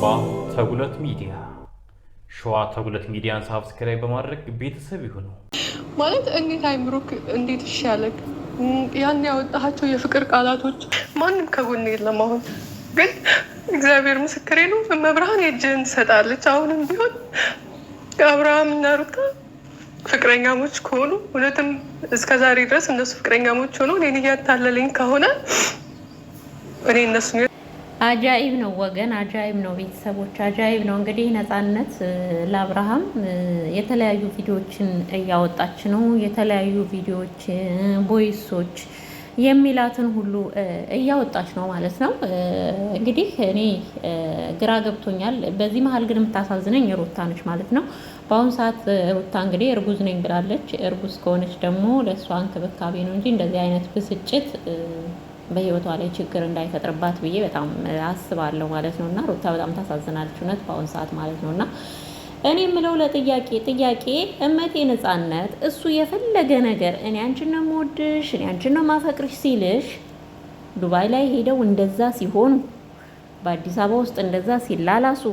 አባ ተጉለት ሚዲያ ሸዋ ተጉለት ሚዲያን ሳብስክራይብ በማድረግ ቤተሰብ ይሁኑ። ማለት እንዴት አይምሮክ እንዴት ይሻለክ? ያን ያወጣቸው የፍቅር ቃላቶች ማንም ከጎን የለም። አሁን ግን እግዚአብሔር ምስክሬ ነው፣ መብርሃን የእጅህን ትሰጣለች። አሁንም ቢሆን አብርሃም እና ሩታ ፍቅረኛሞች ከሆኑ እውነትም እስከዛሬ ድረስ እነሱ ፍቅረኛሞች ሆነው እኔን እያታለለኝ ከሆነ እኔ እነሱ አጃይብ ነው ወገን፣ አጃይብ ነው ቤተሰቦች፣ አጃይብ ነው። እንግዲህ ነፃነት ለአብርሃም የተለያዩ ቪዲዮዎችን እያወጣች ነው። የተለያዩ ቪዲዮዎች፣ ቦይሶች የሚላትን ሁሉ እያወጣች ነው ማለት ነው። እንግዲህ እኔ ግራ ገብቶኛል። በዚህ መሀል ግን የምታሳዝነኝ ሩታ ነች ማለት ነው። በአሁኑ ሰዓት ሩታ እንግዲህ እርጉዝ ነኝ ብላለች። እርጉዝ ከሆነች ደግሞ ለእሷ እንክብካቤ ነው እንጂ እንደዚህ አይነት ብስጭት በህይወቷ ላይ ችግር እንዳይፈጥርባት ብዬ በጣም አስባለሁ ማለት ነው። እና ሩታ በጣም ታሳዝናለች እውነት በአሁን ሰዓት ማለት ነው እና እኔ የምለው ለጥያቄ ጥያቄ እመቴ ነጻነት እሱ የፈለገ ነገር እኔ አንቺን ነው የምወድሽ እኔ አንቺን ነው የማፈቅርሽ ሲልሽ ዱባይ ላይ ሄደው እንደዛ ሲሆኑ በአዲስ አበባ ውስጥ እንደዛ ሲላላሱ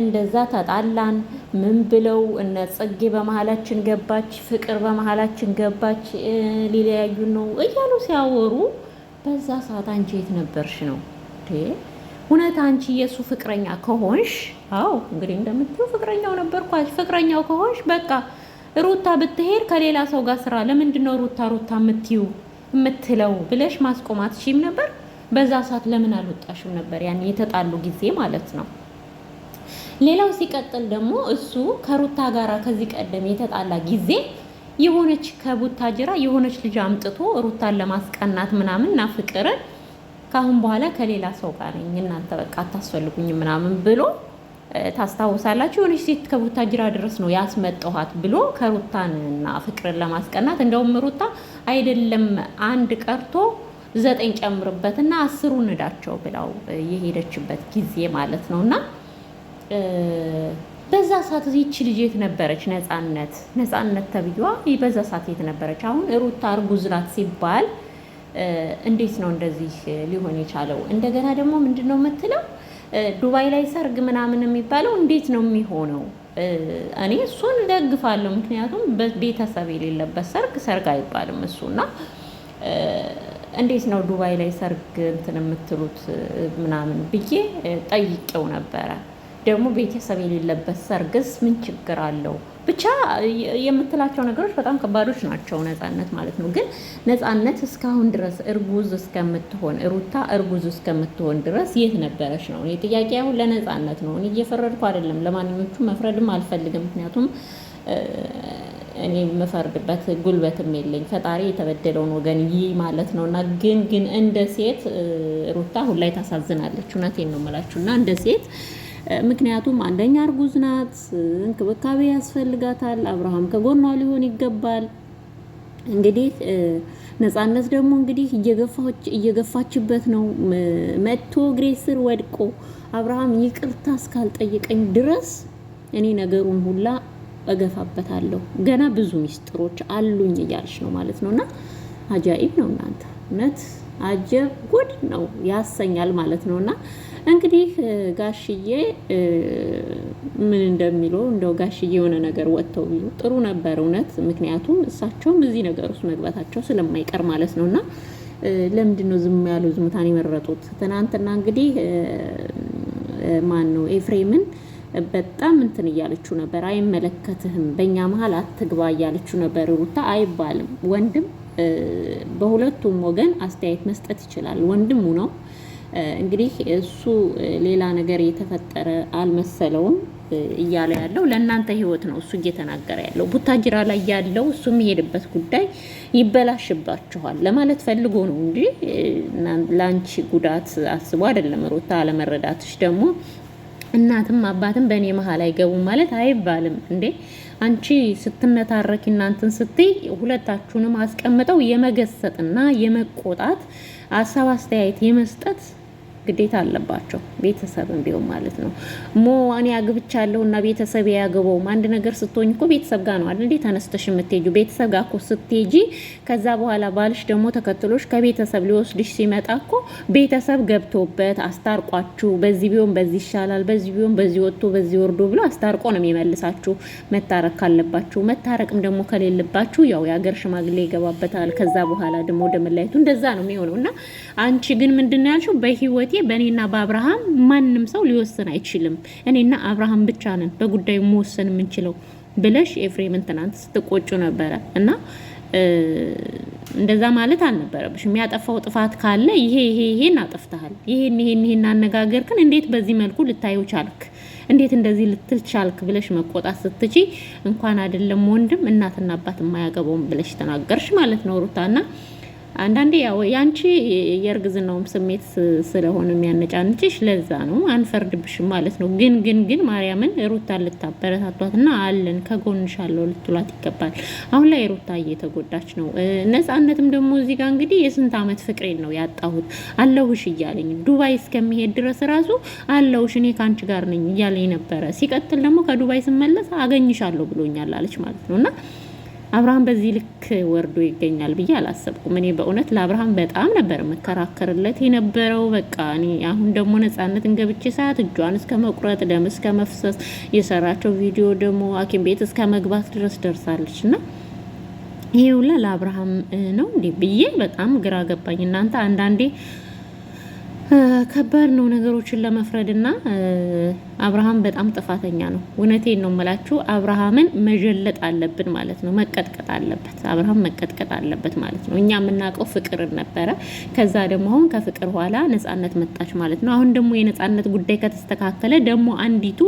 እንደዛ ተጣላን ምን ብለው እነ ጽጌ በመሀላችን ገባች፣ ፍቅር በመሀላችን ገባች፣ ሊለያዩን ነው እያሉ ሲያወሩ በዛ ሰዓት አንቺ የት ነበርሽ ነው እውነት አንቺ የእሱ ፍቅረኛ ከሆንሽ አዎ እንግዲህ እንደምትይው ፍቅረኛው ነበርኳች ፍቅረኛው ከሆንሽ በቃ ሩታ ብትሄድ ከሌላ ሰው ጋር ስራ ለምንድን ነው ሩታ ሩታ የምትዩ የምትለው ብለሽ ማስቆማት ሺም ነበር በዛ ሰዓት ለምን አልወጣሽም ነበር ያን የተጣሉ ጊዜ ማለት ነው ሌላው ሲቀጥል ደግሞ እሱ ከሩታ ጋራ ከዚህ ቀደም የተጣላ ጊዜ የሆነች ከቡታጅራ የሆነች ልጅ አምጥቶ ሩታን ለማስቀናት ምናምን እና ፍቅርን ካሁን በኋላ ከሌላ ሰው ጋር ነኝ እናንተ በቃ አታስፈልጉኝ ምናምን ብሎ ታስታውሳላችሁ። የሆነች ሴት ከቡታጅራ ድረስ ነው ያስመጣኋት ብሎ እና ፍቅርን ለማስቀናት እንደውም ሩታ አይደለም አንድ ቀርቶ ዘጠኝ ጨምርበት እና አስሩ ንዳቸው ብላው የሄደችበት ጊዜ ማለት ነው እና በዛ ሰዓት ይቺ ልጅ የት ነበረች? ነፃነት ነፃነት ተብዬዋ በዛ ሰዓት የት ነበረች? አሁን ሩታ እርጉዝ ናት ሲባል እንዴት ነው እንደዚህ ሊሆን የቻለው? እንደገና ደግሞ ምንድን ነው የምትለው ዱባይ ላይ ሰርግ ምናምን የሚባለው እንዴት ነው የሚሆነው? እኔ እሱን ደግፋለሁ። ምክንያቱም ቤተሰብ የሌለበት ሰርግ ሰርግ አይባልም እሱና እንዴት ነው ዱባይ ላይ ሰርግ እንትን የምትሉት ምናምን ብዬ ጠይቄው ነበረ። ደግሞ ቤተሰብ የሌለበት ሰርግስ ምን ችግር አለው? ብቻ የምትላቸው ነገሮች በጣም ከባዶች ናቸው። ነፃነት ማለት ነው። ግን ነፃነት እስካሁን ድረስ እርጉዝ እስከምትሆን ሩታ እርጉዝ እስከምትሆን ድረስ የት ነበረች ነው እኔ ጥያቄ። አሁን ለነፃነት ነው። እኔ እየፈረድኩ አይደለም፣ ለማንኞቹ መፍረድም አልፈልግም። ምክንያቱም እኔ የምፈርድበት ጉልበትም የለኝ። ፈጣሪ የተበደለውን ወገን ይህ ማለት ነው እና ግን ግን እንደ ሴት ሩታ አሁን ላይ ታሳዝናለች። እውነቴን ነው የምላችሁ እና እንደ ሴት ምክንያቱም አንደኛ እርጉዝ ናት፣ እንክብካቤ ያስፈልጋታል። አብርሃም ከጎኗ ሊሆን ይገባል። እንግዲህ ነፃነት ደግሞ እንግዲህ እየገፋችበት ነው። መጥቶ እግሬ ስር ወድቆ አብርሃም ይቅርታ እስካልጠየቀኝ ድረስ እኔ ነገሩን ሁላ እገፋበታለሁ። ገና ብዙ ሚስጥሮች አሉኝ እያለች ነው ማለት ነው። እና አጃኢብ ነው እናንተ እውነት አጀብ ጉድ ነው ያሰኛል ማለት ነው። እና እንግዲህ ጋሽዬ ምን እንደሚለው እንደው ጋሽዬ የሆነ ነገር ወጥተው ቢሉ ጥሩ ነበር እውነት። ምክንያቱም እሳቸውም እዚህ ነገር ውስጥ መግባታቸው ስለማይቀር ማለት ነው። እና ለምንድን ነው ዝም ያሉ ዝምታን የመረጡት? ትናንትና እንግዲህ ማን ነው ኤፍሬምን በጣም እንትን እያለችው ነበር። አይመለከትህም፣ በእኛ መሀል አትግባ እያለችው ነበር። ሩታ አይባልም ወንድም በሁለቱም ወገን አስተያየት መስጠት ይችላል። ወንድሙ ነው እንግዲህ እሱ ሌላ ነገር የተፈጠረ አልመሰለውም እያለ ያለው ለእናንተ ህይወት ነው እሱ እየተናገረ ያለው። ቡታጅራ ላይ ያለው እሱ የሚሄድበት ጉዳይ ይበላሽባችኋል ለማለት ፈልጎ ነው እንጂ ለአንቺ ጉዳት አስቦ አይደለም። ሮታ አለመረዳትሽ ደግሞ እናትም አባትም በእኔ መሀል አይገቡም ማለት አይባልም እንዴ አንቺ ስትነታረኪ እናንትን ስትይ ሁለታችሁንም አስቀምጠው የመገሰጥና የመቆጣት ሀሳብ አስተያየት የመስጠት ግዴታ አለባቸው። ቤተሰብም ቢሆን ማለት ነው። ሞ እኔ አግብቻለሁ እና ቤተሰብ ያገበውም አንድ ነገር ስትሆኝ እኮ ቤተሰብ ጋር ነው አይደል ተነስተሽ የምትሄጂው። ቤተሰብ ጋር እኮ ስትሄጂ ከዛ በኋላ ባልሽ ደግሞ ተከትሎሽ ከቤተሰብ ሊወስድሽ ሲመጣ እኮ ቤተሰብ ገብቶበት አስታርቋችሁ፣ በዚህ ቢሆን በዚህ ይሻላል፣ በዚህ ቢሆን በዚህ ወጥቶ በዚህ ወርዶ ብሎ አስታርቆ ነው የሚመልሳችሁ። መታረቅ ካለባችሁ መታረቅም ደግሞ ከሌለባችሁ ያው የሀገር ሽማግሌ ይገባበታል። ከዛ በኋላ ደግሞ ወደ መለያየቱ እንደዛ ነው የሚሆነው እና አንቺ ግን ምንድን ነው ያልሽው በህይወቴ በእኔና በአብርሃም ማንም ሰው ሊወስን አይችልም፣ እኔና አብርሃም ብቻ ነን በጉዳዩ መወሰን የምንችለው ብለሽ ኤፍሬምን ትናንት ስትቆጩ ነበረ እና እንደዛ ማለት አልነበረብሽም። የሚያጠፋው ጥፋት ካለ ይሄ ይሄ ይሄን አጠፍተሃል፣ ይሄን ይሄን ይሄን አነጋገር ግን እንዴት በዚህ መልኩ ልታየው ቻልክ፣ እንዴት እንደዚህ ልትል ቻልክ ብለሽ መቆጣት ስትቺ እንኳን አይደለም ወንድም እናትና አባት የማያገባውም ብለሽ ተናገርሽ ማለት ነው ሩታና አንዳንዴ ያው ያንቺ የእርግዝናውም ስሜት ስለሆነ የሚያነጫንጭሽ ለዛ ነው፣ አንፈርድብሽም ማለት ነው። ግን ግን ግን ማርያምን ሩታ ልታበረታቷትና አለን ከጎንሽ አለው ልትሏት ይገባል። አሁን ላይ ሩታ እየተጎዳች ነው። ነጻነትም ደግሞ እዚህ ጋር እንግዲህ የስንት አመት ፍቅሬን ነው ያጣሁት አለሁሽ እያለኝ ዱባይ እስከሚሄድ ድረስ ራሱ አለሁሽ እኔ ከአንቺ ጋር ነኝ እያለኝ ነበረ። ሲቀጥል ደግሞ ከዱባይ ስመለስ አገኝሻለሁ ብሎኛል አለች ማለት ነው እና አብርሃም በዚህ ልክ ወርዶ ይገኛል ብዬ አላሰብኩም። እኔ በእውነት ለአብርሃም በጣም ነበር የምከራከርለት የነበረው። በቃ እኔ አሁን ደግሞ ነጻነትን ገብቼ ሰዓት እጇን እስከ መቁረጥ ደም እስከ መፍሰስ የሰራቸው ቪዲዮ ደግሞ ሐኪም ቤት እስከ መግባት ድረስ ደርሳለች እና ይሄ ሁላ ለአብርሃም ነው እንዴ ብዬ በጣም ግራ ገባኝ። እናንተ አንዳንዴ ከባድ ነው ነገሮችን ለመፍረድ እና አብርሃም በጣም ጥፋተኛ ነው። እውነቴን ነው የምላችሁ። አብርሃምን መጀለጥ አለብን ማለት ነው፣ መቀጥቀጥ አለበት አብርሃም መቀጥቀጥ አለበት ማለት ነው። እኛ የምናውቀው ፍቅርን ነበረ። ከዛ ደግሞ አሁን ከፍቅር ኋላ ነጻነት መጣች ማለት ነው። አሁን ደግሞ የነጻነት ጉዳይ ከተስተካከለ ደግሞ አንዲቱ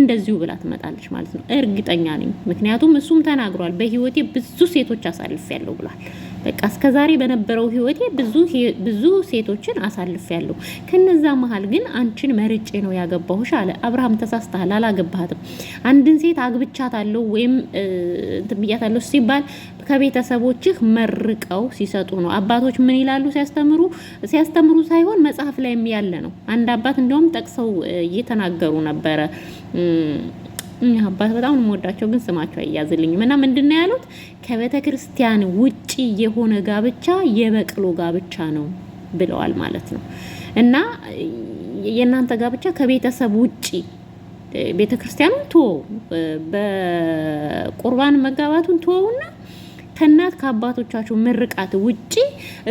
እንደዚሁ ብላ ትመጣለች ማለት ነው። እርግጠኛ ነኝ፣ ምክንያቱም እሱም ተናግሯል። በህይወቴ ብዙ ሴቶች አሳልፍ ያለው ብሏል። በቃ ዛሬ በነበረው ህይወቴ ብዙ ሴቶችን አሳልፍ ያለው ከነዛ መሀል ግን አንቺን መርጬ ነው ያገባሁሽ አለ። አብርሃም ተሳስተሃል፣ አላገባሃትም። አንድን ሴት አግብቻታለሁ ወይም እንትን ብያታለሁ ሲባል ከቤተሰቦችህ መርቀው ሲሰጡ ነው። አባቶች ምን ይላሉ ሲያስተምሩ ሲያስተምሩ ሳይሆን መጽሐፍ ላይም ያለ ነው። አንድ አባት እንደውም ጠቅሰው እየተናገሩ ነበረ። አባት በጣም የምወዳቸው ግን ስማቸው አያዝልኝም እና ምንድን ነው ያሉት? ከቤተ ክርስቲያን ውጪ የሆነ ጋብቻ የበቅሎ ጋብቻ ነው ብለዋል ማለት ነው እና የእናንተ ጋብቻ ከቤተሰብ ውጪ ቤተ ክርስቲያኑን ተወው፣ በቁርባን መጋባቱን ቶውና ከእናት ከአባቶቻችሁ ምርቃት ውጪ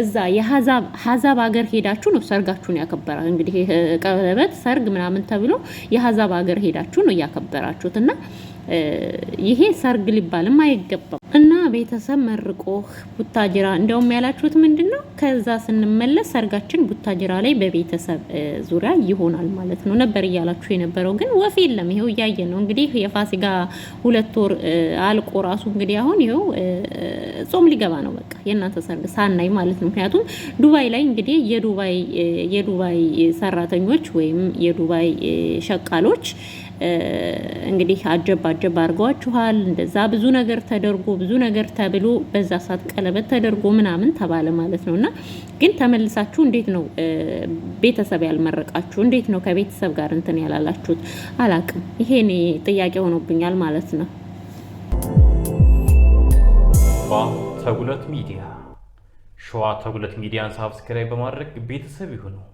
እዛ የሀዛብ ሀገር ሄዳችሁ ነው ሰርጋችሁን ያከበራ እንግዲህ ቀለበት፣ ሰርግ ምናምን ተብሎ የሀዛብ ሀገር ሄዳችሁ ነው እያከበራችሁት እና ይሄ ሰርግ ሊባልም አይገባም። እና ቤተሰብ መርቆህ ቡታጅራ እንደውም ያላችሁት ምንድን ነው? ከዛ ስንመለስ ሰርጋችን ቡታጅራ ላይ በቤተሰብ ዙሪያ ይሆናል ማለት ነው ነበር እያላችሁ የነበረው ግን ወፍ የለም። ይኸው እያየ ነው እንግዲህ የፋሲጋ ሁለት ወር አልቆ ራሱ እንግዲህ አሁን ይኸው ጾም ሊገባ ነው በቃ የእናንተ ሰርግ ሳናይ ማለት ነው። ምክንያቱም ዱባይ ላይ እንግዲህ የዱባይ የዱባይ ሰራተኞች ወይም የዱባይ ሸቃሎች እንግዲህ አጀብ አጀብ አድርገዋችኋል። እንደዛ ብዙ ነገር ተደርጎ ብዙ ነገር ተብሎ በዛ ሰዓት ቀለበት ተደርጎ ምናምን ተባለ ማለት ነው። እና ግን ተመልሳችሁ እንዴት ነው ቤተሰብ ያልመረቃችሁ? እንዴት ነው ከቤተሰብ ጋር እንትን ያላላችሁት? አላቅም። ይሄ እኔ ጥያቄ ሆኖብኛል ማለት ነው። ተጉለት ሚዲያ ሸዋ ተጉለት ሚዲያን ሳብስክራይብ በማድረግ ቤተሰብ ይሁነው።